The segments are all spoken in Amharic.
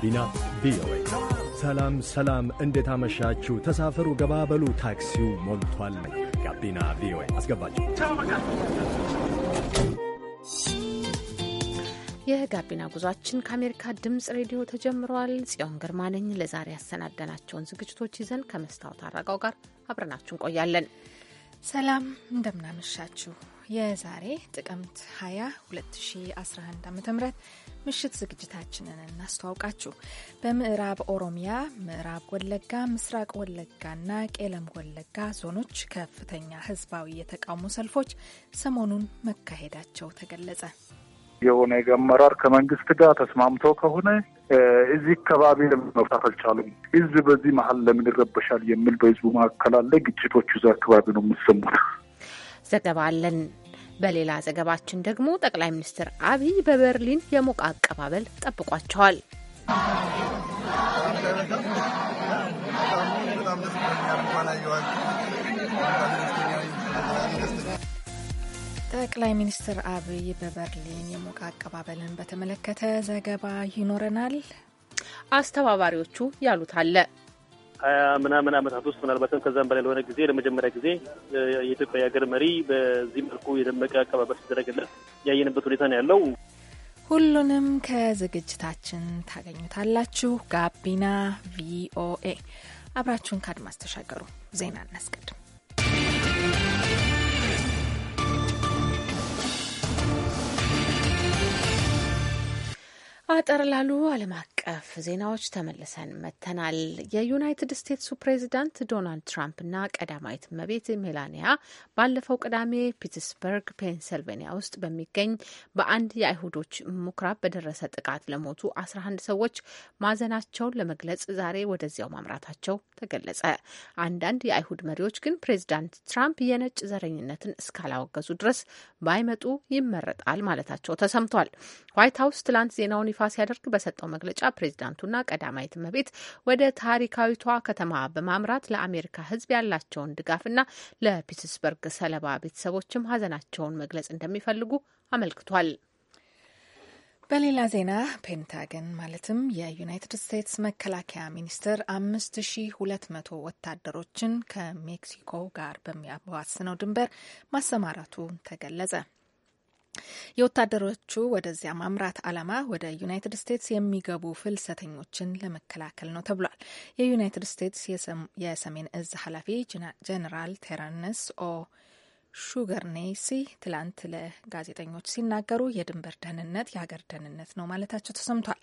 ጋቢና ቪኦኤ። ሰላም ሰላም፣ እንዴት አመሻችሁ? ተሳፈሩ፣ ገባበሉ፣ ታክሲው ሞልቷል። ጋቢና ቪኦኤ አስገባችሁ። የጋቢና ጉዟችን ከአሜሪካ ድምፅ ሬዲዮ ተጀምረዋል። ጽዮን ግርማ ነኝ። ለዛሬ ያሰናደናቸውን ዝግጅቶች ይዘን ከመስታወት አረጋው ጋር አብረናችሁ እንቆያለን። ሰላም እንደምናመሻችሁ የዛሬ ጥቅምት 20 2011 ዓ ም ምሽት ዝግጅታችንን እናስተዋውቃችሁ። በምዕራብ ኦሮሚያ፣ ምዕራብ ወለጋ፣ ምስራቅ ወለጋና ቄለም ወለጋ ዞኖች ከፍተኛ ህዝባዊ የተቃውሞ ሰልፎች ሰሞኑን መካሄዳቸው ተገለጸ። የሆነ አመራር ከመንግስት ጋር ተስማምቶ ከሆነ እዚህ አካባቢ ለምን መፍታት አልቻሉም? ህዝብ በዚህ መሀል ለምን ይረበሻል? የሚል በህዝቡ መካከል አለ። ግጭቶቹ እዛ አካባቢ ነው የምሰሙት። ዘገባ አለን። በሌላ ዘገባችን ደግሞ ጠቅላይ ሚኒስትር አብይ በበርሊን የሞቀ አቀባበል ጠብቋቸዋል። ጠቅላይ ሚኒስትር አብይ በበርሊን የሞቀ አቀባበልን በተመለከተ ዘገባ ይኖረናል። አስተባባሪዎቹ ያሉት አለ። ሀያ ምናምን ዓመታት ውስጥ ምናልባትም ከዛም በላይ ለሆነ ጊዜ ለመጀመሪያ ጊዜ የኢትዮጵያ የሀገር መሪ በዚህ መልኩ የደመቀ አቀባበል ሲደረግለት ያየንበት ሁኔታ ነው ያለው። ሁሉንም ከዝግጅታችን ታገኙታላችሁ። ጋቢና ቪኦኤ አብራችሁን ከአድማስ ተሻገሩ። ዜና እናስቀድም። አጠር ላሉ ዓለም አቀፍ ዜናዎች ተመልሰን መጥተናል። የዩናይትድ ስቴትሱ ፕሬዚዳንት ዶናልድ ትራምፕ ና ቀዳማዊት እመቤት ሜላኒያ ባለፈው ቅዳሜ ፒትስበርግ ፔንሰልቬኒያ ውስጥ በሚገኝ በአንድ የአይሁዶች ምኩራብ በደረሰ ጥቃት ለሞቱ አስራ አንድ ሰዎች ማዘናቸውን ለመግለጽ ዛሬ ወደዚያው ማምራታቸው ተገለጸ። አንዳንድ የአይሁድ መሪዎች ግን ፕሬዚዳንት ትራምፕ የነጭ ዘረኝነትን እስካላወገዙ ድረስ ባይመጡ ይመረጣል ማለታቸው ተሰምቷል። ዋይት ሀውስ ትላንት ዜናውን ይፋ ሲያደርግ በሰጠው መግለጫ ፕሬዚዳንቱና ቀዳማዊት እመቤት ወደ ታሪካዊቷ ከተማ በማምራት ለአሜሪካ ሕዝብ ያላቸውን ድጋፍና ለፒትስበርግ ሰለባ ቤተሰቦችም ሀዘናቸውን መግለጽ እንደሚፈልጉ አመልክቷል። በሌላ ዜና ፔንታገን ማለትም የዩናይትድ ስቴትስ መከላከያ ሚኒስቴር አምስት ሺ ሁለት መቶ ወታደሮችን ከሜክሲኮ ጋር በሚያዋስነው ድንበር ማሰማራቱ ተገለጸ። የወታደሮቹ ወደዚያ ማምራት ዓላማ ወደ ዩናይትድ ስቴትስ የሚገቡ ፍልሰተኞችን ለመከላከል ነው ተብሏል። የዩናይትድ ስቴትስ የሰሜን እዝ ኃላፊ ጀኔራል ቴረንስ ኦ ሹገርኔሲ ትላንት ለጋዜጠኞች ሲናገሩ የድንበር ደህንነት የሀገር ደህንነት ነው ማለታቸው ተሰምቷል።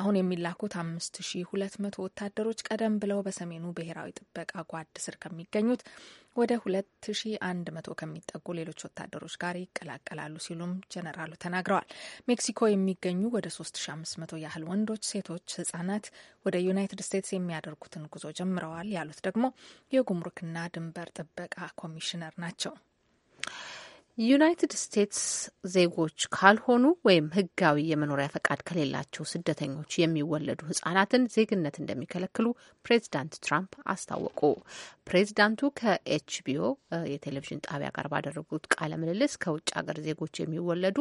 አሁን የሚላኩት አምስት ሺ ሁለት መቶ ወታደሮች ቀደም ብለው በሰሜኑ ብሔራዊ ጥበቃ ጓድ ስር ከሚገኙት ወደ 2100 ከሚጠጉ ሌሎች ወታደሮች ጋር ይቀላቀላሉ ሲሉም ጀነራሉ ተናግረዋል። ሜክሲኮ የሚገኙ ወደ 3500 ያህል ወንዶች፣ ሴቶች፣ ህጻናት ወደ ዩናይትድ ስቴትስ የሚያደርጉትን ጉዞ ጀምረዋል ያሉት ደግሞ የጉምሩክና ድንበር ጥበቃ ኮሚሽነር ናቸው። ዩናይትድ ስቴትስ ዜጎች ካልሆኑ ወይም ሕጋዊ የመኖሪያ ፈቃድ ከሌላቸው ስደተኞች የሚወለዱ ህጻናትን ዜግነት እንደሚከለክሉ ፕሬዚዳንት ትራምፕ አስታወቁ። ፕሬዚዳንቱ ከኤችቢኦ የቴሌቪዥን ጣቢያ ጋር ባደረጉት ቃለ ምልልስ ከውጭ ሀገር ዜጎች የሚወለዱ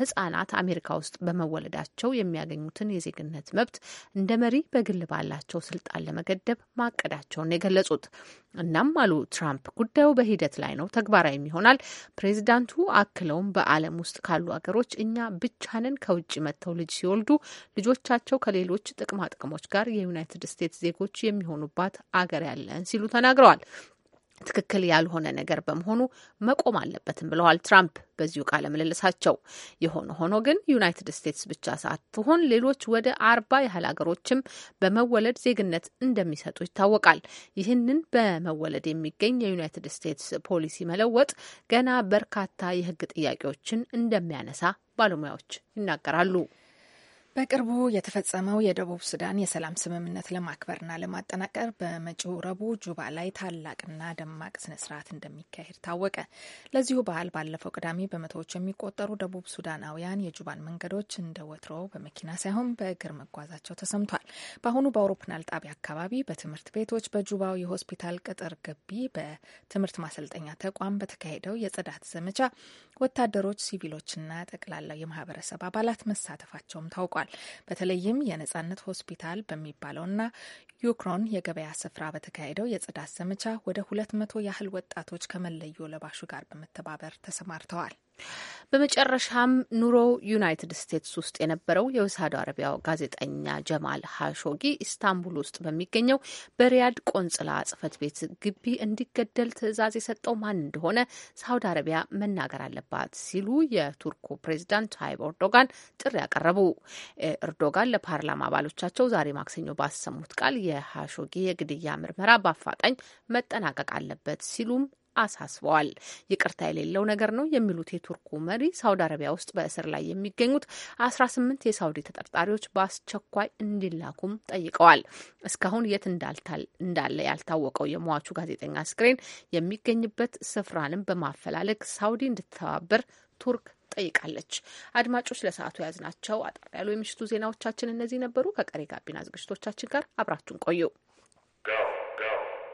ህጻናት አሜሪካ ውስጥ በመወለዳቸው የሚያገኙትን የዜግነት መብት እንደ መሪ በግል ባላቸው ስልጣን ለመገደብ ማቀዳቸውን የገለጹት። እናም አሉ ትራምፕ ጉዳዩ በሂደት ላይ ነው፣ ተግባራዊም ይሆናል ፕሬዚዳንት ፕሬዚዳንቱ አክለውም በዓለም ውስጥ ካሉ ሀገሮች እኛ ብቻንን ከውጭ መጥተው ልጅ ሲወልዱ ልጆቻቸው ከሌሎች ጥቅማጥቅሞች ጋር የዩናይትድ ስቴትስ ዜጎች የሚሆኑባት አገር ያለን ሲሉ ተናግረዋል። ትክክል ያልሆነ ነገር በመሆኑ መቆም አለበትም ብለዋል ትራምፕ በዚሁ ቃለ ምልልሳቸው። የሆነ ሆኖ ግን ዩናይትድ ስቴትስ ብቻ ሳትሆን ሌሎች ወደ አርባ ያህል ሀገሮችም በመወለድ ዜግነት እንደሚሰጡ ይታወቃል። ይህንን በመወለድ የሚገኝ የዩናይትድ ስቴትስ ፖሊሲ መለወጥ ገና በርካታ የሕግ ጥያቄዎችን እንደሚያነሳ ባለሙያዎች ይናገራሉ። በቅርቡ የተፈጸመው የደቡብ ሱዳን የሰላም ስምምነት ለማክበርና ለማጠናቀር በመጪው ረቡዕ ጁባ ላይ ታላቅና ደማቅ ስነ ስርዓት እንደሚካሄድ ታወቀ። ለዚሁ በዓል ባለፈው ቅዳሜ በመቶዎች የሚቆጠሩ ደቡብ ሱዳናውያን የጁባን መንገዶች እንደ ወትሮ በመኪና ሳይሆን በእግር መጓዛቸው ተሰምቷል። በአሁኑ በአውሮፕላን ጣቢያ አካባቢ፣ በትምህርት ቤቶች፣ በጁባው የሆስፒታል ቅጥር ግቢ፣ በትምህርት ማሰልጠኛ ተቋም በተካሄደው የጽዳት ዘመቻ ወታደሮች፣ ሲቪሎችና ጠቅላላው የማህበረሰብ አባላት መሳተፋቸውም ታውቋል። ተናግረዋል። በተለይም የነጻነት ሆስፒታል በሚባለውና ዩክሮን የገበያ ስፍራ በተካሄደው የጽዳት ዘመቻ ወደ ሁለት መቶ ያህል ወጣቶች ከመለዮ ለባሹ ጋር በመተባበር ተሰማርተዋል። በመጨረሻም ኑሮ ዩናይትድ ስቴትስ ውስጥ የነበረው የሳውዲ አረቢያው ጋዜጠኛ ጀማል ሀሾጊ ኢስታንቡል ውስጥ በሚገኘው በሪያድ ቆንጽላ ጽህፈት ቤት ግቢ እንዲገደል ትዕዛዝ የሰጠው ማን እንደሆነ ሳውዲ አረቢያ መናገር አለባት ሲሉ የቱርኩ ፕሬዚዳንት ታይብ ኤርዶጋን ጥሪ ያቀረቡ ኤርዶጋን ለፓርላማ አባሎቻቸው ዛሬ ማክሰኞ ባሰሙት ቃል የሀሾጊ የግድያ ምርመራ በአፋጣኝ መጠናቀቅ አለበት ሲሉም አሳስበዋል። ይቅርታ የሌለው ነገር ነው የሚሉት የቱርኩ መሪ ሳውዲ አረቢያ ውስጥ በእስር ላይ የሚገኙት 18 የሳውዲ ተጠርጣሪዎች በአስቸኳይ እንዲላኩም ጠይቀዋል። እስካሁን የት እንዳለ ያልታወቀው የሟቹ ጋዜጠኛ አስክሬን የሚገኝበት ስፍራንም በማፈላለግ ሳውዲ እንድትተባበር ቱርክ ጠይቃለች። አድማጮች ለሰዓቱ የያዝናቸው አጠር ያሉ የምሽቱ ዜናዎቻችን እነዚህ ነበሩ። ከቀሪ ጋቢና ዝግጅቶቻችን ጋር አብራችሁን ቆዩ።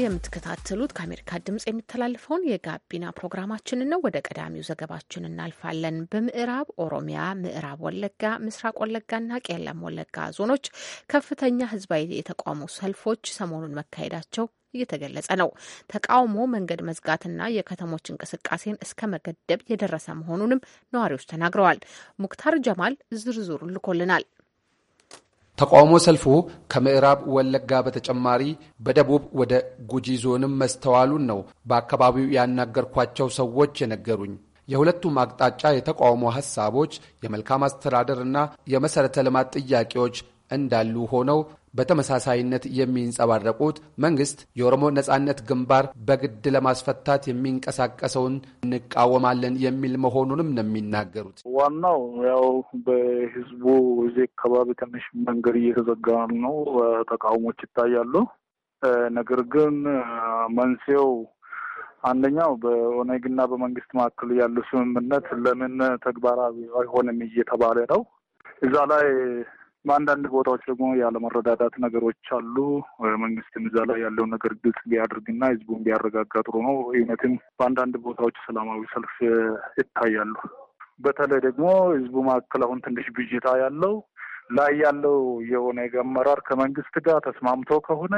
የምትከታተሉት ከአሜሪካ ድምጽ የሚተላለፈውን የጋቢና ፕሮግራማችንን ነው። ወደ ቀዳሚው ዘገባችን እናልፋለን። በምዕራብ ኦሮሚያ፣ ምዕራብ ወለጋ፣ ምስራቅ ወለጋና ቄለም ወለጋ ዞኖች ከፍተኛ ህዝባዊ የተቃውሞ ሰልፎች ሰሞኑን መካሄዳቸው እየተገለጸ ነው። ተቃውሞ መንገድ መዝጋትና የከተሞች እንቅስቃሴን እስከ መገደብ የደረሰ መሆኑንም ነዋሪዎች ተናግረዋል። ሙክታር ጀማል ዝርዝሩ ልኮልናል። ተቃውሞ ሰልፉ ከምዕራብ ወለጋ በተጨማሪ በደቡብ ወደ ጉጂ ዞንም መስተዋሉን ነው በአካባቢው ያናገርኳቸው ሰዎች የነገሩኝ። የሁለቱም አቅጣጫ የተቃውሞ ሐሳቦች የመልካም አስተዳደርና የመሠረተ ልማት ጥያቄዎች እንዳሉ ሆነው በተመሳሳይነት የሚንጸባረቁት መንግስት የኦሮሞ ነጻነት ግንባር በግድ ለማስፈታት የሚንቀሳቀሰውን እንቃወማለን የሚል መሆኑንም ነው የሚናገሩት። ዋናው ያው በህዝቡ እዚህ አካባቢ ትንሽ መንገድ እየተዘጋ ነው፣ ተቃውሞች ይታያሉ። ነገር ግን መንስኤው አንደኛው በኦነግና በመንግስት መካከል ያለው ስምምነት ለምን ተግባራዊ አይሆንም እየተባለ ነው እዛ ላይ በአንዳንድ ቦታዎች ደግሞ ያለመረዳዳት ነገሮች አሉ። መንግስት እዛ ላይ ያለውን ነገር ግልጽ ቢያደርግና ህዝቡን ቢያረጋጋ ጥሩ ነው። እውነትም በአንዳንድ ቦታዎች ሰላማዊ ሰልፍ ይታያሉ። በተለይ ደግሞ ህዝቡ መካከል አሁን ትንሽ ብዥታ ያለው ላይ ያለው የሆነ አመራር ከመንግስት ጋር ተስማምቶ ከሆነ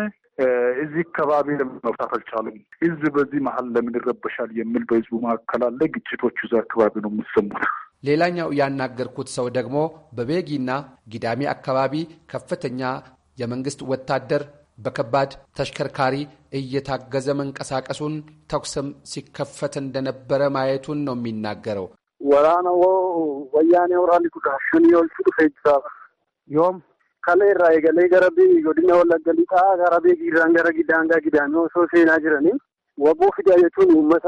እዚህ አካባቢ ለምን መፍታት አልቻሉም? እዚህ በዚህ መሀል ለምን ይረበሻል የሚል በህዝቡ መካከል አለ። ግጭቶቹ እዛ አካባቢ ነው የሚሰሙት። ሌላኛው ያናገርኩት ሰው ደግሞ በቤጊና ጊዳሚ አካባቢ ከፍተኛ የመንግሥት ወታደር በከባድ ተሽከርካሪ እየታገዘ መንቀሳቀሱን ተኩስም ሲከፈት እንደነበረ ማየቱን ነው የሚናገረው። ወራነዎ ወያኔ ወራኒ ጉዳሽን የወልሱ ፌጅሳ ዮም ከለ ራ የገለ ገረቢ ጎድኛ ወለገሊጣ ገረቤ ጊራንገረ ጊዳንጋ ጊዳሚ ሶ ሴና ጅረኒ ወቦ ፊዳ የቱን መታ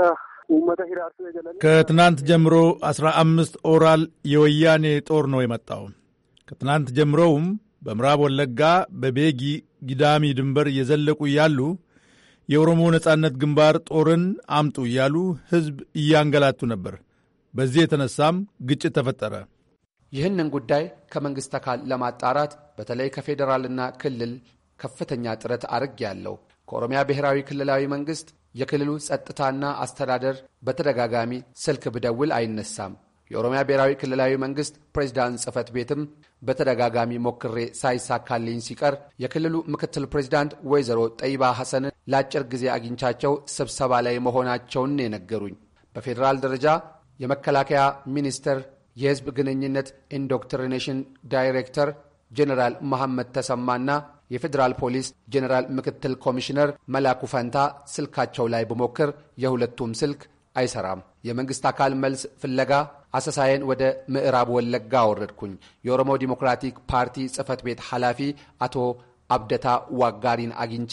ከትናንት ጀምሮ አስራ አምስት ኦራል የወያኔ ጦር ነው የመጣው። ከትናንት ጀምሮውም በምዕራብ ወለጋ በቤጊ ጊዳሚ ድንበር እየዘለቁ እያሉ የኦሮሞ ነጻነት ግንባር ጦርን አምጡ እያሉ ሕዝብ እያንገላቱ ነበር። በዚህ የተነሳም ግጭት ተፈጠረ። ይህንን ጉዳይ ከመንግሥት አካል ለማጣራት በተለይ ከፌዴራልና ክልል ከፍተኛ ጥረት አድርጌያለሁ። ከኦሮሚያ ብሔራዊ ክልላዊ መንግሥት የክልሉ ጸጥታና አስተዳደር በተደጋጋሚ ስልክ ብደውል አይነሳም። የኦሮሚያ ብሔራዊ ክልላዊ መንግስት ፕሬዚዳንት ጽህፈት ቤትም በተደጋጋሚ ሞክሬ ሳይሳካልኝ ሲቀር የክልሉ ምክትል ፕሬዚዳንት ወይዘሮ ጠይባ ሐሰንን ለአጭር ጊዜ አግኝቻቸው ስብሰባ ላይ መሆናቸውን የነገሩኝ። በፌዴራል ደረጃ የመከላከያ ሚኒስቴር የህዝብ ግንኙነት ኢንዶክትሪኔሽን ዳይሬክተር ጄኔራል መሐመድ ተሰማና የፌዴራል ፖሊስ ጄኔራል ምክትል ኮሚሽነር መላኩ ፈንታ ስልካቸው ላይ ብሞክር የሁለቱም ስልክ አይሰራም። የመንግሥት አካል መልስ ፍለጋ አሰሳየን ወደ ምዕራብ ወለጋ አወረድኩኝ። የኦሮሞ ዲሞክራቲክ ፓርቲ ጽህፈት ቤት ኃላፊ አቶ አብደታ ዋጋሪን አግኝቼ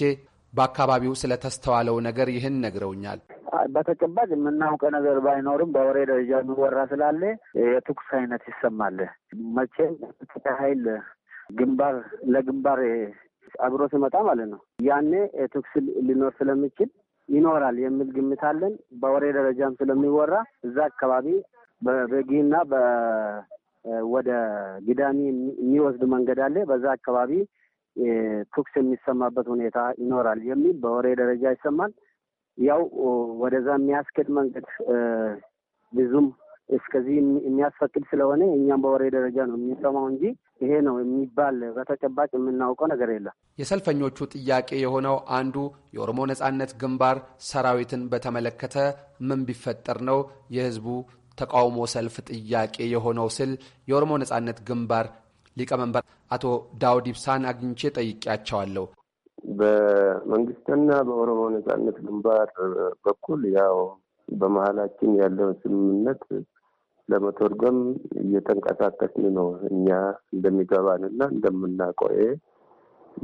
በአካባቢው ስለተስተዋለው ነገር ይህን ነግረውኛል። በተጨባጭ የምናውቀ ነገር ባይኖርም በወሬ ደረጃ የሚወራ ስላለ የትኩስ አይነት ይሰማል። መቼም ኃይል ግንባር ለግንባር አብሮ ስመጣ ማለት ነው። ያኔ ቱክስ ሊኖር ስለሚችል ይኖራል የሚል ግምት አለን። በወሬ ደረጃም ስለሚወራ እዛ አካባቢ በበጊና ወደ ግዳሚ የሚወስድ መንገድ አለ። በዛ አካባቢ ቱክስ የሚሰማበት ሁኔታ ይኖራል የሚል በወሬ ደረጃ ይሰማል። ያው ወደዛ የሚያስኬድ መንገድ ብዙም እስከዚህ የሚያስፈቅድ ስለሆነ እኛም በወሬ ደረጃ ነው የሚሰማው እንጂ ይሄ ነው የሚባል በተጨባጭ የምናውቀው ነገር የለም። የሰልፈኞቹ ጥያቄ የሆነው አንዱ የኦሮሞ ነጻነት ግንባር ሰራዊትን በተመለከተ ምን ቢፈጠር ነው የህዝቡ ተቃውሞ ሰልፍ ጥያቄ የሆነው ስል የኦሮሞ ነጻነት ግንባር ሊቀመንበር አቶ ዳውድ ኢብሳን አግኝቼ ጠይቄያቸዋለሁ። በመንግስትና በኦሮሞ ነጻነት ግንባር በኩል ያው በመሀላችን ያለውን ስምምነት ለመተርጎም እየተንቀሳቀስን ነው። እኛ እንደሚገባን እና እንደምናቆየ ይሄ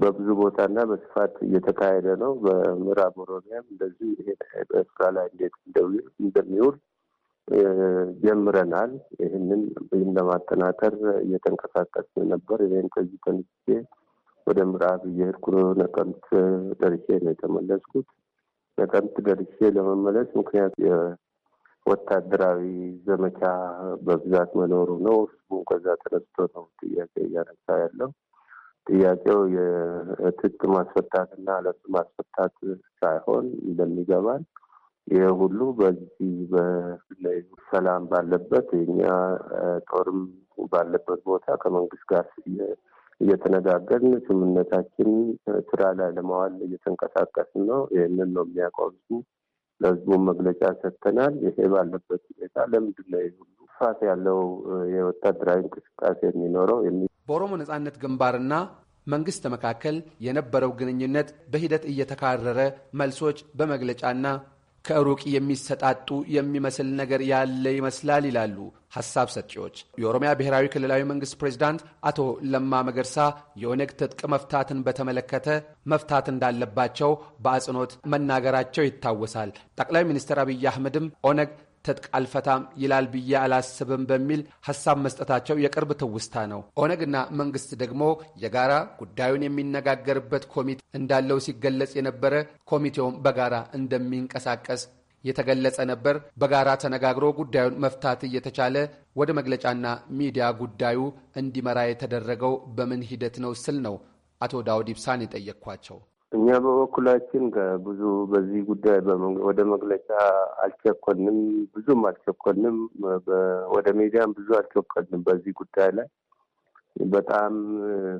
በብዙ ቦታና በስፋት እየተካሄደ ነው። በምዕራብ ኦሮሚያም እንደዚህ ይሄ በስራ ላይ እንዴት እንደሚውል ጀምረናል። ይህንን ይህን ለማጠናከር እየተንቀሳቀስን ነበር። ይህን ከዚህ ተነስቼ ወደ ምዕራብ እየሄድኩ ነቀምት ደርሼ ነው የተመለስኩት። ነቀምት ደርሼ ለመመለስ ምክንያት ወታደራዊ ዘመቻ በብዛት መኖሩ ነው። ህዝቡም ከዛ ተነስቶ ነው ጥያቄ እያነሳ ያለው። ጥያቄው የትጥቅ ማስፈታት እና ማስፈታት ሳይሆን እንደሚገባል ይህ ሁሉ በዚህ ሰላም ባለበት የኛ ጦርም ባለበት ቦታ ከመንግስት ጋር እየተነጋገርን ስምምነታችን ስራ ላይ ለማዋል እየተንቀሳቀስን ነው። ይህንን ነው የሚያውቀው ህዝቡ። ለህዝቡ መግለጫ ሰጥተናል። ይሄ ባለበት ሁኔታ ለምንድነው ሁሉ ፋት ያለው የወታደራዊ እንቅስቃሴ የሚኖረው? በኦሮሞ ነጻነት ግንባርና መንግስት መካከል የነበረው ግንኙነት በሂደት እየተካረረ መልሶች በመግለጫና ከሩቅ የሚሰጣጡ የሚመስል ነገር ያለ ይመስላል ይላሉ ሐሳብ ሰጪዎች። የኦሮሚያ ብሔራዊ ክልላዊ መንግሥት ፕሬዚዳንት አቶ ለማ መገርሳ የኦነግ ትጥቅ መፍታትን በተመለከተ መፍታት እንዳለባቸው በአጽንኦት መናገራቸው ይታወሳል። ጠቅላይ ሚኒስትር አብይ አህመድም ኦነግ ትጥቅ አልፈታም ይላል ብዬ አላስብም በሚል ሀሳብ መስጠታቸው የቅርብ ትውስታ ነው። ኦነግና መንግስት ደግሞ የጋራ ጉዳዩን የሚነጋገርበት ኮሚቴ እንዳለው ሲገለጽ የነበረ ኮሚቴውም በጋራ እንደሚንቀሳቀስ የተገለጸ ነበር። በጋራ ተነጋግሮ ጉዳዩን መፍታት እየተቻለ ወደ መግለጫና ሚዲያ ጉዳዩ እንዲመራ የተደረገው በምን ሂደት ነው ስል ነው አቶ ዳውድ ኢብሳን የጠየቅኳቸው። እኛ በበኩላችን ከብዙ በዚህ ጉዳይ ወደ መግለጫ አልቸኮንም፣ ብዙም አልቸኮንም ወደ ሚዲያም ብዙ አልቸኮንም በዚህ ጉዳይ ላይ በጣም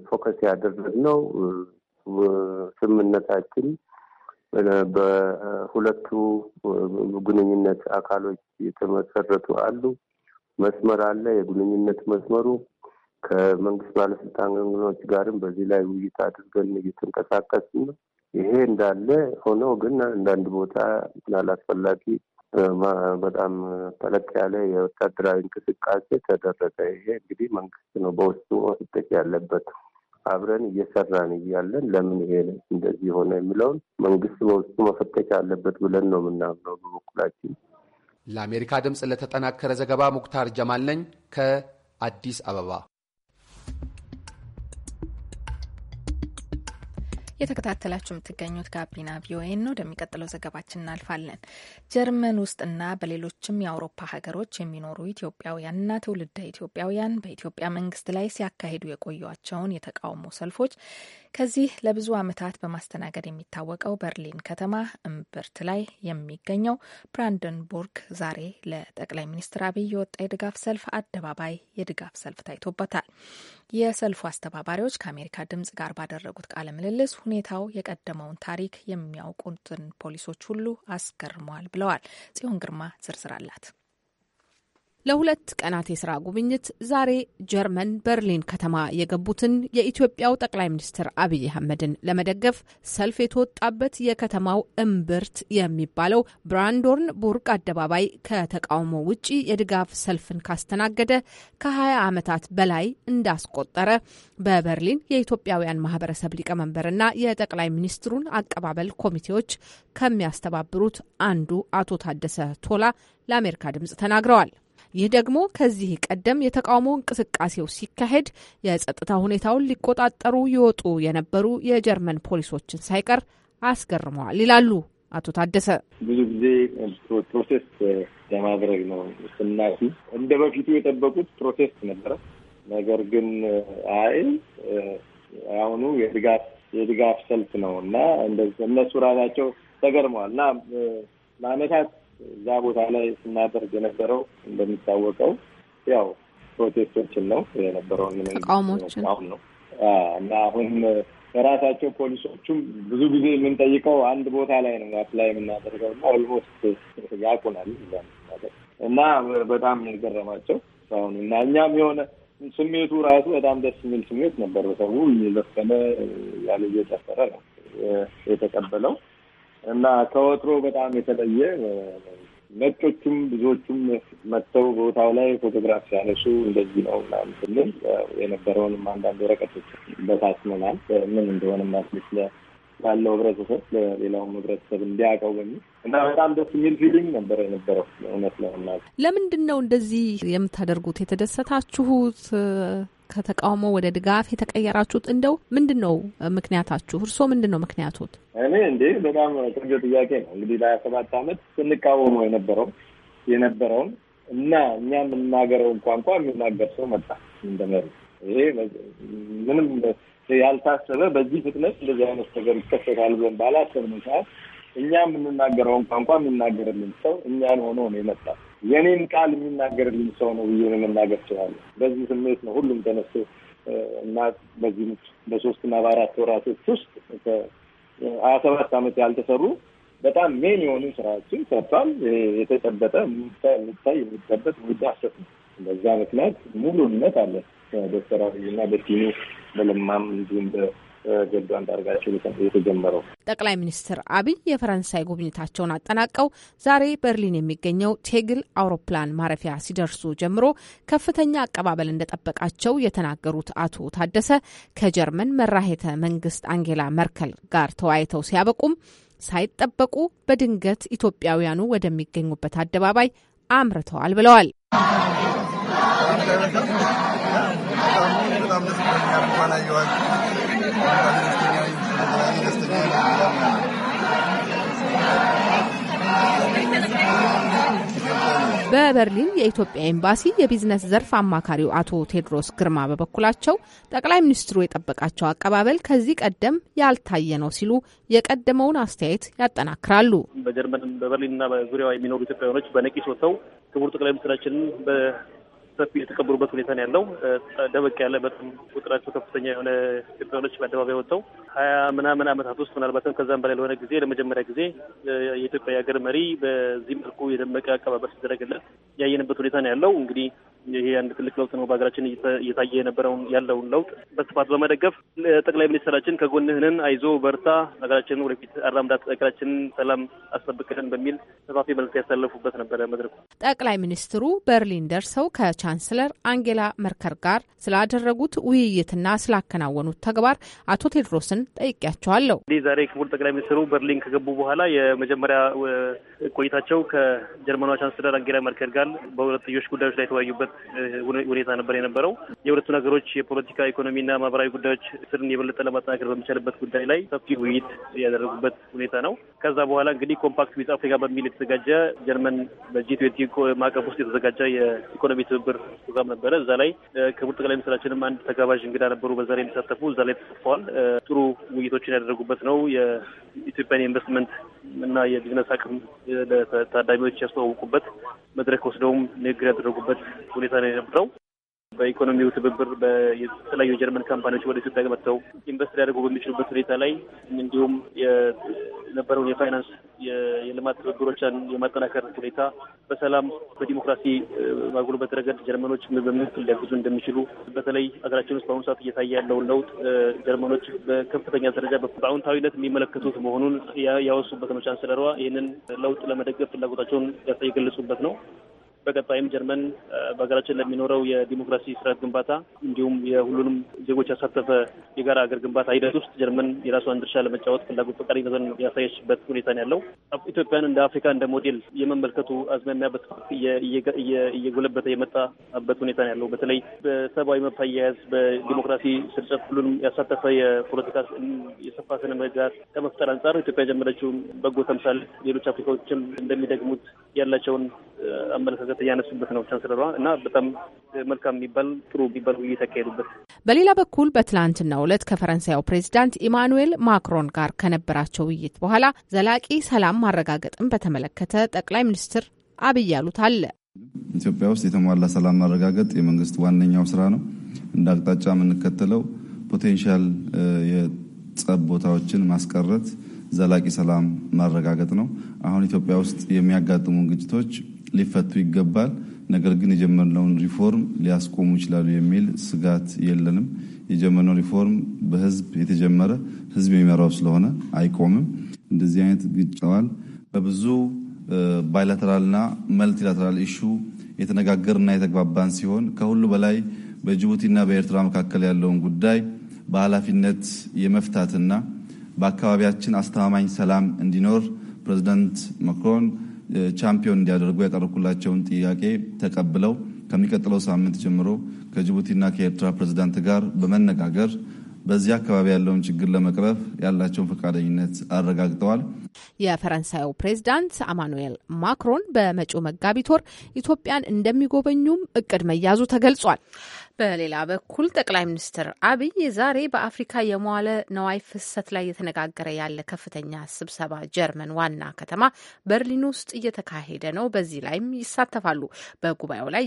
ፎከስ ያደረግነው ስምምነታችን በሁለቱ ግንኙነት አካሎች የተመሰረቱ አሉ መስመር አለ። የግንኙነት መስመሩ ከመንግስት ባለስልጣን ጋርም በዚህ ላይ ውይይት አድርገን እየተንቀሳቀስ ነው። ይሄ እንዳለ ሆኖ ግን አንዳንድ ቦታ ላላስፈላጊ በጣም ተለቅ ያለ የወታደራዊ እንቅስቃሴ ተደረገ። ይሄ እንግዲህ መንግስት ነው በውስጡ መፍጠቅ ያለበት። አብረን እየሰራን እያለን ለምን ይሄ እንደዚህ ሆነ የሚለውን መንግስት በውስጡ መፈተሽ አለበት ብለን ነው የምናምነው በበኩላችን። ለአሜሪካ ድምፅ ለተጠናከረ ዘገባ ሙክታር ጀማል ነኝ ከአዲስ አበባ። የተከታተላችሁ የምትገኙት ጋቢና ቪኦኤ ነው። ወደሚቀጥለው ዘገባችን እናልፋለን። ጀርመን ውስጥና በሌሎችም የአውሮፓ ሀገሮች የሚኖሩ ኢትዮጵያውያንና ትውልደ ኢትዮጵያውያን በኢትዮጵያ መንግስት ላይ ሲያካሂዱ የቆዩቸውን የተቃውሞ ሰልፎች ከዚህ ለብዙ ዓመታት በማስተናገድ የሚታወቀው በርሊን ከተማ እምብርት ላይ የሚገኘው ብራንደንቡርግ ዛሬ ለጠቅላይ ሚኒስትር አብይ የወጣ የድጋፍ ሰልፍ አደባባይ የድጋፍ ሰልፍ ታይቶበታል። የሰልፉ አስተባባሪዎች ከአሜሪካ ድምጽ ጋር ባደረጉት ቃለ ምልልስ ሁኔታው የቀደመውን ታሪክ የሚያውቁትን ፖሊሶች ሁሉ አስገርመዋል ብለዋል። ጽዮን ግርማ ዝርዝር አላት። ለሁለት ቀናት የስራ ጉብኝት ዛሬ ጀርመን በርሊን ከተማ የገቡትን የኢትዮጵያው ጠቅላይ ሚኒስትር አብይ አህመድን ለመደገፍ ሰልፍ የተወጣበት የከተማው እምብርት የሚባለው ብራንዶርን ቡርግ አደባባይ ከተቃውሞ ውጪ የድጋፍ ሰልፍን ካስተናገደ ከ20 ዓመታት በላይ እንዳስቆጠረ በበርሊን የኢትዮጵያውያን ማህበረሰብ ሊቀመንበርና የጠቅላይ ሚኒስትሩን አቀባበል ኮሚቴዎች ከሚያስተባብሩት አንዱ አቶ ታደሰ ቶላ ለአሜሪካ ድምጽ ተናግረዋል። ይህ ደግሞ ከዚህ ቀደም የተቃውሞ እንቅስቃሴው ሲካሄድ የጸጥታ ሁኔታውን ሊቆጣጠሩ ይወጡ የነበሩ የጀርመን ፖሊሶችን ሳይቀር አስገርመዋል ይላሉ አቶ ታደሰ። ብዙ ጊዜ ፕሮቴስት ለማድረግ ነው ስናሲ እንደ በፊቱ የጠበቁት ፕሮቴስት ነበረ። ነገር ግን አይ አሁኑ የድጋፍ የድጋፍ ሰልፍ ነው እና እነሱ ራሳቸው ተገርመዋል እና ለአመታት እዛ ቦታ ላይ ስናደርግ የነበረው እንደሚታወቀው ያው ፕሮቴስቶችን ነው የነበረው ተቃውሞችን ነው እና አሁን በራሳቸው ፖሊሶቹም ብዙ ጊዜ የምንጠይቀው አንድ ቦታ ላይ ነው አፕላይ የምናደርገው እና ኦልሞስት ያቁናል እና በጣም የገረማቸው አሁን እና እኛም የሆነ ስሜቱ ራሱ በጣም ደስ የሚል ስሜት ነበር። ሰው እየዘፈነ ያለ እየጨፈረ ነው የተቀበለው። እና ከወትሮ በጣም የተለየ ነጮቹም ብዙዎቹም መጥተው ቦታው ላይ ፎቶግራፍ ሲያነሱ እንደዚህ ነው ምናምን ስንል የነበረውንም አንዳንድ ወረቀቶች በታትመናል። ምን እንደሆነ ማስመስለ ላለው ህብረተሰብ ለሌላውም ህብረተሰብ እንዲያውቀው በሚል እና በጣም ደስ የሚል ፊሊንግ ነበር የነበረው። እውነት ለመናገር ለምንድን ነው እንደዚህ የምታደርጉት? የተደሰታችሁት ከተቃውሞ ወደ ድጋፍ የተቀየራችሁት እንደው ምንድን ነው ምክንያታችሁ? እርስዎ ምንድን ነው ምክንያቱት? እኔ እንዴ በጣም ቆንጆ ጥያቄ ነው። እንግዲህ ለሀያ ሰባት አመት ስንቃወመው የነበረው የነበረውን እና እኛ የምናገረውን ቋንቋ የሚናገር ሰው መጣ እንደመሪ ይሄ ምንም ያልታሰበ በዚህ ፍጥነት እንደዚህ አይነት ነገር ይከሰታል ብለን ባላሰብነው ሰዓት እኛ የምንናገረውን ቋንቋ የሚናገርልን ሰው እኛን ሆኖ ነው የመጣው። የኔን ቃል የሚናገርልኝ ሰው ነው ብዬ መናገር ችላለሁ። በዚህ ስሜት ነው ሁሉም ተነስቶ እና በዚህ በሶስት እና በአራት ወራቶች ውስጥ ሀያ ሰባት ዓመት ያልተሰሩ በጣም ሜን የሆኑ ስራዎችን ሰርቷል። የተጨበጠ የሚታይ የሚጨበጥ የሚዳሰስ ነው። በዛ ምክንያት ሙሉነት እምነት አለ በዶክተር አብይና በቲኑ በለማም እንዲሁም ገዱ አንዳርጋቸው የተጀመረው። ጠቅላይ ሚኒስትር አብይ የፈረንሳይ ጉብኝታቸውን አጠናቀው ዛሬ በርሊን የሚገኘው ቴግል አውሮፕላን ማረፊያ ሲደርሱ ጀምሮ ከፍተኛ አቀባበል እንደጠበቃቸው የተናገሩት አቶ ታደሰ ከጀርመን መራሄተ መንግስት አንጌላ መርከል ጋር ተወያይተው ሲያበቁም ሳይጠበቁ በድንገት ኢትዮጵያውያኑ ወደሚገኙበት አደባባይ አምርተዋል ብለዋል። በበርሊን የኢትዮጵያ ኤምባሲ የቢዝነስ ዘርፍ አማካሪው አቶ ቴድሮስ ግርማ በበኩላቸው ጠቅላይ ሚኒስትሩ የጠበቃቸው አቀባበል ከዚህ ቀደም ያልታየ ነው ሲሉ የቀደመውን አስተያየት ያጠናክራሉ። በጀርመን በበርሊንና በዙሪያዋ የሚኖሩ ኢትዮጵያውያኖች በነቂስ ወጥተው ክቡር ጠቅላይ ሚኒስትራችንን በሰፊ የተቀበሩበት ሁኔታ ነው ያለው። ደመቅ ያለ በጣም ቁጥራቸው ከፍተኛ የሆነ ኢትዮጵያኖች በአደባባይ ወጥተው ሀያ ምናምን ዓመታት ውስጥ ምናልባትም ከዛም በላይ ለሆነ ጊዜ ለመጀመሪያ ጊዜ የኢትዮጵያ የሀገር መሪ በዚህ መልኩ የደመቀ አቀባበል ሲደረግለት ያየንበት ሁኔታ ነው ያለው እንግዲህ ይሄ አንድ ትልቅ ለውጥ ነው። በሀገራችን እየታየ የነበረውን ያለውን ለውጥ በስፋት በመደገፍ ጠቅላይ ሚኒስትራችን ከጎንህንን አይዞ በርታ፣ ሀገራችን ወደፊት አራምዳት፣ ሀገራችን ሰላም አስጠብቅልን በሚል ሰፋፊ መልዕክት ያሳለፉበት ነበረ መድረኩ። ጠቅላይ ሚኒስትሩ በርሊን ደርሰው ከቻንስለር አንጌላ መርከር ጋር ስላደረጉት ውይይትና ስላከናወኑት ተግባር አቶ ቴድሮስን ጠይቄያቸዋለሁ። እንዲህ ዛሬ ክቡር ጠቅላይ ሚኒስትሩ በርሊን ከገቡ በኋላ የመጀመሪያ ቆይታቸው ከጀርመኗ ቻንስለር አንጌላ መርከር ጋር በሁለትዮሽ ጉዳዮች ላይ የተወያዩበት ሁኔታ ነበር የነበረው። የሁለቱ ነገሮች የፖለቲካ ኢኮኖሚና ማህበራዊ ጉዳዮች ስርን የበለጠ ለማጠናከር በሚቻልበት ጉዳይ ላይ ሰፊ ውይይት ያደረጉበት ሁኔታ ነው። ከዛ በኋላ እንግዲህ ኮምፓክት ዊዝ አፍሪካ በሚል የተዘጋጀ ጀርመን በጂ ትዌንቲ ማዕቀፍ ውስጥ የተዘጋጀ የኢኮኖሚ ትብብር ፕሮግራም ነበረ። እዛ ላይ ክቡር ጠቅላይ ሚኒስትራችንም አንድ ተጋባዥ እንግዳ ነበሩ። በዛ ላይ የሚሳተፉ እዛ ላይ ተሳትፈዋል። ጥሩ ውይይቶችን ያደረጉበት ነው። የኢትዮጵያን የኢንቨስትመንት እና የቢዝነስ አቅም ለታዳሚዎች ያስተዋውቁበት መድረክ ወስደውም ንግግር ያደረጉበት ሁኔታ ነው የነበረው። በኢኮኖሚው ትብብር በተለያዩ የጀርመን ካምፓኒዎች ወደ ኢትዮጵያ መጥተው ኢንቨስት ሊያደርጉ በሚችሉበት ሁኔታ ላይ እንዲሁም የነበረውን የፋይናንስ የልማት ትብብሮችን የማጠናከር ሁኔታ በሰላም በዲሞክራሲ ማጉልበት ረገድ ጀርመኖች በምክል ሊያግዙ እንደሚችሉ በተለይ ሀገራችን ውስጥ በአሁኑ ሰዓት እየታየ ያለውን ለውጥ ጀርመኖች በከፍተኛ ደረጃ በአውንታዊነት የሚመለከቱት መሆኑን ያወሱበት ነው። ቻንስለሯ ይህንን ለውጥ ለመደገፍ ፍላጎታቸውን የገለጹበት ነው። በቀጣይም ጀርመን በሀገራችን ለሚኖረው የዲሞክራሲ ስርዓት ግንባታ እንዲሁም የሁሉንም ዜጎች ያሳተፈ የጋራ ሀገር ግንባታ ሂደት ውስጥ ጀርመን የራሷን ድርሻ ለመጫወት ፍላጎት ፈቃደኝነትን ያሳየችበት ሁኔታ ነው ያለው። ኢትዮጵያን እንደ አፍሪካ እንደ ሞዴል የመመልከቱ አዝማሚያ በስፋት እየጎለበተ የመጣበት ሁኔታ ነው ያለው። በተለይ በሰብአዊ መብት አያያዝ፣ በዲሞክራሲ ስርጨት ሁሉንም ያሳተፈ የፖለቲካ የሰፋ ስነ ምህዳር ከመፍጠር አንጻር ኢትዮጵያ የጀመረችው በጎ ተምሳሌ ሌሎች አፍሪካዎችም እንደሚደግሙት ያላቸውን አመለካከት አንገት እያነሱበት ነው ቻንስለሯ እና በጣም መልካም የሚባል ጥሩ የሚባል ውይይት ያካሄዱበት። በሌላ በኩል በትላንትናው ዕለት ከፈረንሳያው ፕሬዚዳንት ኢማኑኤል ማክሮን ጋር ከነበራቸው ውይይት በኋላ ዘላቂ ሰላም ማረጋገጥን በተመለከተ ጠቅላይ ሚኒስትር አብይ ያሉት አለ። ኢትዮጵያ ውስጥ የተሟላ ሰላም ማረጋገጥ የመንግስት ዋነኛው ስራ ነው። እንደ አቅጣጫ የምንከተለው ፖቴንሻል የጸብ ቦታዎችን ማስቀረት ዘላቂ ሰላም ማረጋገጥ ነው። አሁን ኢትዮጵያ ውስጥ የሚያጋጥሙ ግጭቶች ሊፈቱ ይገባል። ነገር ግን የጀመርነውን ሪፎርም ሊያስቆሙ ይችላሉ የሚል ስጋት የለንም። የጀመርነው ሪፎርም በህዝብ የተጀመረ ህዝብ የሚመራው ስለሆነ አይቆምም። እንደዚህ አይነት ግጫዋል በብዙ ባይላተራልና መልቲላተራል ኢሹ የተነጋገርና የተግባባን ሲሆን ከሁሉ በላይ በጅቡቲና በኤርትራ መካከል ያለውን ጉዳይ በኃላፊነት የመፍታትና በአካባቢያችን አስተማማኝ ሰላም እንዲኖር ፕሬዚዳንት መክሮን ቻምፒዮን እንዲያደርጉ ያቀረብኩላቸውን ጥያቄ ተቀብለው ከሚቀጥለው ሳምንት ጀምሮ ከጅቡቲና ከኤርትራ ፕሬዚዳንት ጋር በመነጋገር በዚህ አካባቢ ያለውን ችግር ለመቅረፍ ያላቸውን ፈቃደኝነት አረጋግጠዋል። የፈረንሳዩ ፕሬዚዳንት አማኑኤል ማክሮን በመጪው መጋቢት ወር ኢትዮጵያን እንደሚጎበኙም እቅድ መያዙ ተገልጿል። በሌላ በኩል ጠቅላይ ሚኒስትር አብይ ዛሬ በአፍሪካ የመዋለ ነዋይ ፍሰት ላይ እየተነጋገረ ያለ ከፍተኛ ስብሰባ ጀርመን ዋና ከተማ በርሊን ውስጥ እየተካሄደ ነው። በዚህ ላይም ይሳተፋሉ። በጉባኤው ላይ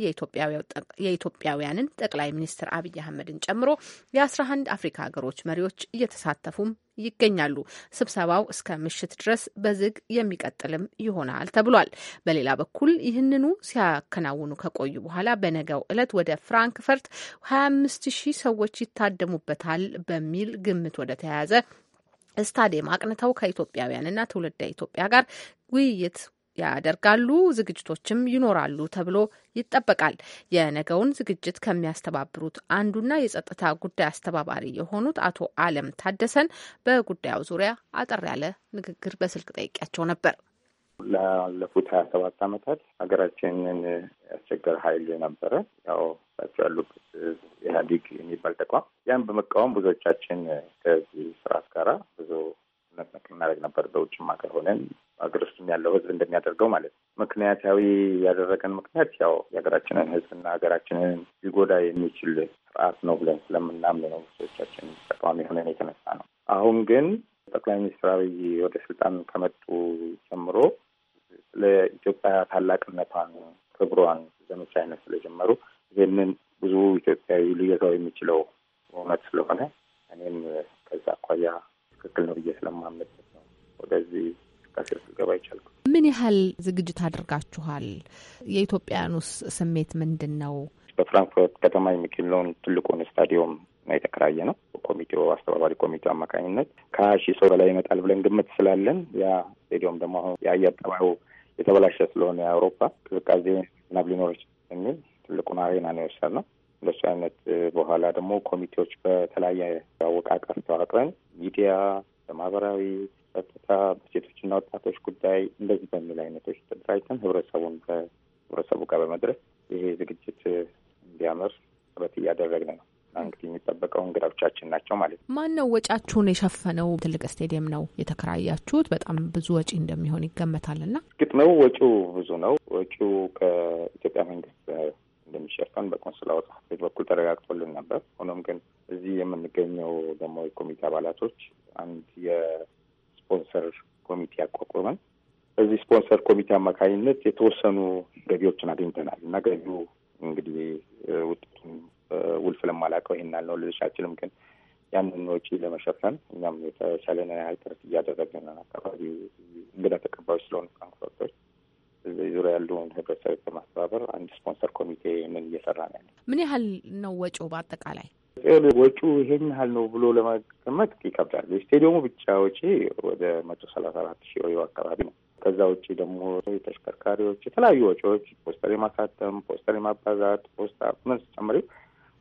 የኢትዮጵያውያንን ጠቅላይ ሚኒስትር አብይ አህመድን ጨምሮ የ11 አፍሪካ ሀገሮች መሪዎች እየተሳተፉም ይገኛሉ። ስብሰባው እስከ ምሽት ድረስ በዝግ የሚቀጥልም ይሆናል ተብሏል። በሌላ በኩል ይህንኑ ሲያከናውኑ ከቆዩ በኋላ በነገው ዕለት ወደ ፍራንክፈርት 25 ሺህ ሰዎች ይታደሙበታል በሚል ግምት ወደ ተያያዘ ስታዲየም አቅንተው ከኢትዮጵያውያንና ትውልደ ኢትዮጵያ ጋር ውይይት ያደርጋሉ። ዝግጅቶችም ይኖራሉ ተብሎ ይጠበቃል። የነገውን ዝግጅት ከሚያስተባብሩት አንዱና የጸጥታ ጉዳይ አስተባባሪ የሆኑት አቶ አለም ታደሰን በጉዳዩ ዙሪያ አጠር ያለ ንግግር በስልክ ጠይቂያቸው ነበር። ላለፉት ሀያ ሰባት ዓመታት ሀገራችንን ያስቸገረ ኃይል የነበረ ያው እሳቸው ያሉበት ኢህአዴግ የሚባል ተቋም ያን በመቃወም ብዙዎቻችን ከዚህ ስርዓት ጋራ ብዙ እናደርግ ነበር። በውጭም ሀገር ሆነን ሀገር ውስጥም ያለው ህዝብ እንደሚያደርገው ማለት ነው። ምክንያታዊ ያደረገን ምክንያት ያው የሀገራችንን ህዝብና ሀገራችንን ሊጎዳ የሚችል ስርዓት ነው ብለን ስለምናምን ነው ሰዎቻችን ተቃዋሚ ሆነን የተነሳ ነው። አሁን ግን ጠቅላይ ሚኒስትር አብይ ወደ ስልጣን ከመጡ ጀምሮ ለኢትዮጵያ ታላቅነቷን፣ ክብሯን ዘመቻ አይነት ስለጀመሩ ይህንን ብዙ ኢትዮጵያዊ ሊገዛው የሚችለው እውነት ስለሆነ እኔም ከዛ አኳያ ትክክል ነው ብዬ ስለማመት ነው ወደዚህ እንቅስቃሴ ስገባ ይቻልኩ። ምን ያህል ዝግጅት አድርጋችኋል? የኢትዮጵያውያኑስ ስሜት ምንድን ነው? በፍራንክፈርት ከተማ የሚገኘውን ትልቁን ስታዲየም ነው የተከራየ ነው። ኮሚቴው አስተባባሪ ኮሚቴው አማካኝነት ከሀያ ሺህ ሰው በላይ ይመጣል ብለን ግምት ስላለን ያ ስቴዲየም ደግሞ አሁን የአየር ጠባዩ የተበላሸ ስለሆነ የአውሮፓ ቅዝቃዜ ናብ ሊኖር የሚል ትልቁን አሬና ነው የወሰድነው አይነት በኋላ ደግሞ ኮሚቴዎች በተለያየ አወቃቀር ተዋቅረን ሚዲያ፣ በማህበራዊ ጸጥታ፣ በሴቶችና ወጣቶች ጉዳይ እንደዚህ በሚል አይነቶች ተደራጅተን ህብረተሰቡን ከህብረተሰቡ ጋር በመድረስ ይሄ ዝግጅት እንዲያምር ጥረት እያደረግን ነው። እንግዲህ የሚጠበቀው እንግዳዎቻችን ናቸው ማለት ነው። ማን ነው ወጫችሁን የሸፈነው? ትልቅ ስቴዲየም ነው የተከራያችሁት። በጣም ብዙ ወጪ እንደሚሆን ይገመታል እና እርግጥ ነው ወጪው ብዙ ነው። ወጪው ከኢትዮጵያ መንግስት እንደሚሸፈን በቆንስላው ጽሕፈት ቤት በኩል ተረጋግጦልን ነበር። ሆኖም ግን እዚህ የምንገኘው ደግሞ የኮሚቴ አባላቶች አንድ የስፖንሰር ኮሚቴ አቋቁመን በዚህ ስፖንሰር ኮሚቴ አማካኝነት የተወሰኑ ገቢዎችን አግኝተናል እና ገቢው እንግዲህ ውጤቱን ውልፍ ለማላቀው ይሄን ያልነው ልልሽ አልችልም። ግን ያንን ወጪ ለመሸፈን እኛም የተቻለንን ያህል ጥረት እያደረግን አካባቢ እንግዳ ተቀባዮች ስለሆኑ ፍራንክፈርቶች እዚህ ዙሪያ ያለውን ህብረተሰብ በማስተባበር አንድ ስፖንሰር ኮሚቴ ምን እየሰራ ነው ያለ። ምን ያህል ነው ወጪው በአጠቃላይ? ወጪው ይሄን ያህል ነው ብሎ ለመገመት ይከብዳል። ስቴዲየሙ ብቻ ወጪ ወደ መቶ ሰላሳ አራት ሺ ወይው አካባቢ ነው። ከዛ ውጭ ደግሞ ተሽከርካሪዎች፣ የተለያዩ ወጪዎች፣ ፖስተር የማሳተም፣ ፖስተር የማባዛት፣ ፖስታ ምን ስጨምሪው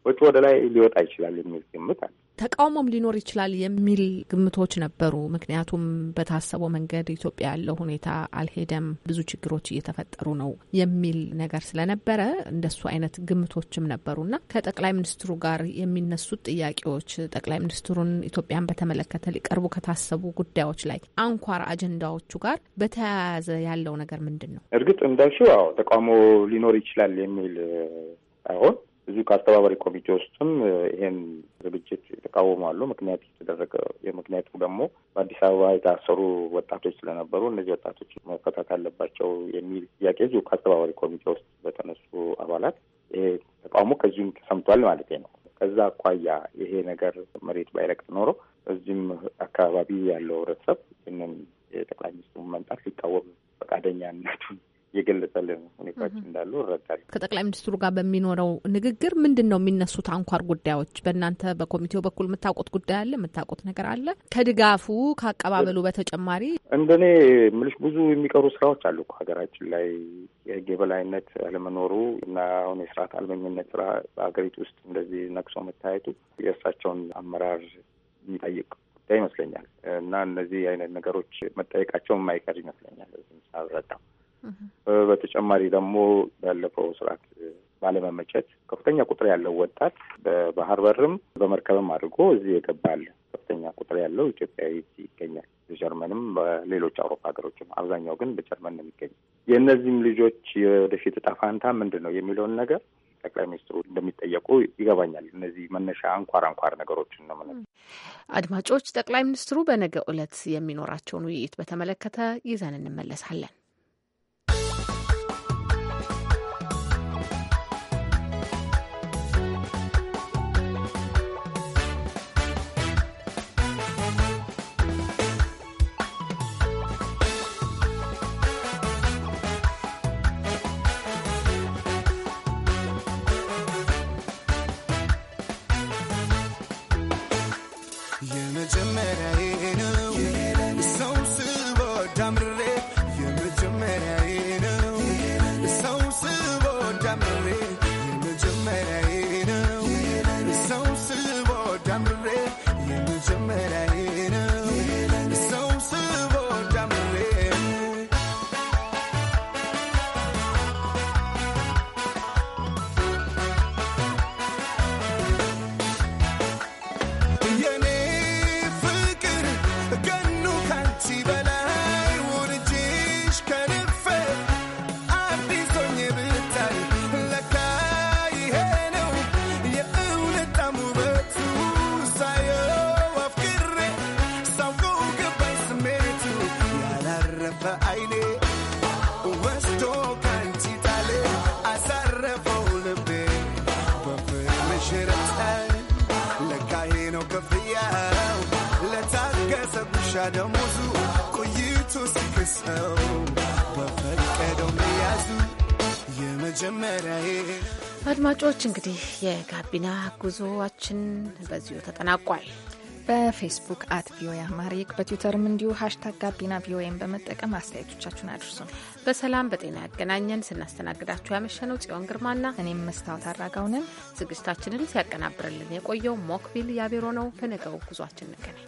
ወጪ ወደ ላይ ሊወጣ ይችላል የሚል ግምት አለ። ተቃውሞም ሊኖር ይችላል የሚል ግምቶች ነበሩ። ምክንያቱም በታሰበው መንገድ ኢትዮጵያ ያለው ሁኔታ አልሄደም፣ ብዙ ችግሮች እየተፈጠሩ ነው የሚል ነገር ስለነበረ እንደሱ አይነት ግምቶችም ነበሩ እና ከጠቅላይ ሚኒስትሩ ጋር የሚነሱት ጥያቄዎች ጠቅላይ ሚኒስትሩን ኢትዮጵያን በተመለከተ ሊቀርቡ ከታሰቡ ጉዳዮች ላይ አንኳር አጀንዳዎቹ ጋር በተያያዘ ያለው ነገር ምንድን ነው? እርግጥ እንዳልሽው ተቃውሞ ሊኖር ይችላል የሚል አሁን እዚሁ ከአስተባባሪ ኮሚቴ ውስጥም ይሄን ዝግጅት የተቃወሙ አሉ። ምክንያት የተደረገ የምክንያቱ ደግሞ በአዲስ አበባ የታሰሩ ወጣቶች ስለነበሩ እነዚህ ወጣቶች መፈታት አለባቸው የሚል ጥያቄ እዚሁ ከአስተባባሪ ኮሚቴ ውስጥ በተነሱ አባላት ይሄ ተቃውሞ ከዚሁም ተሰምቷል ማለት ነው። ከዛ አኳያ ይሄ ነገር መሬት ባይረግጥ ኖሮ እዚህም አካባቢ ያለው ህብረተሰብ ይህንን የጠቅላይ ሚኒስትሩ መምጣት ሊቃወም ፈቃደኛነቱን የገለጸልን ሁኔታዎች እንዳሉ እረዳለሁ። ከጠቅላይ ሚኒስትሩ ጋር በሚኖረው ንግግር ምንድን ነው የሚነሱት አንኳር ጉዳዮች? በእናንተ በኮሚቴው በኩል የምታውቁት ጉዳይ አለ? የምታውቁት ነገር አለ? ከድጋፉ ከአቀባበሉ በተጨማሪ እንደኔ ምልሽ ብዙ የሚቀሩ ስራዎች አሉ ሀገራችን ላይ የህግ የበላይነት አለመኖሩ እና አሁን የስርዓት አልበኝነት ስራ በሀገሪቱ ውስጥ እንደዚህ ነቅሶ መታየቱ የእርሳቸውን አመራር የሚጠይቅ ጉዳይ ይመስለኛል እና እነዚህ አይነት ነገሮች መጠየቃቸው የማይቀር ይመስለኛል ሳልረዳም በተጨማሪ ደግሞ ባለፈው ስርዓት ባለመመቸት ከፍተኛ ቁጥር ያለው ወጣት በባህር በርም በመርከብም አድርጎ እዚህ የገባል። ከፍተኛ ቁጥር ያለው ኢትዮጵያዊ ይገኛል። በጀርመንም በሌሎች አውሮፓ ሀገሮችም፣ አብዛኛው ግን በጀርመን ነው የሚገኝ። የእነዚህም ልጆች የወደፊት እጣ ፈንታ ምንድን ነው የሚለውን ነገር ጠቅላይ ሚኒስትሩ እንደሚጠየቁ ይገባኛል። እነዚህ መነሻ አንኳር አንኳር ነገሮችን ነው አድማጮች፣ ጠቅላይ ሚኒስትሩ በነገ ዕለት የሚኖራቸውን ውይይት በተመለከተ ይዘን እንመለሳለን። አድማጮች እንግዲህ የጋቢና ጉዞዋችን በዚሁ ተጠናቋል። በፌስቡክ አት ቪኦኤ አማሪክ በትዊተርም እንዲሁ ሀሽታግ ጋቢና ቪኦኤን በመጠቀም አስተያየቶቻችሁን አድርሱ። በሰላም በጤና ያገናኘን። ስናስተናግዳችሁ ያመሸነው ጽዮን ግርማና እኔም መስታወት አራጋውንን። ዝግጅታችንን ሲያቀናብርልን የቆየው ሞክቢል ያቤሮ ነው። በነገው ጉዟችን እንገናኝ።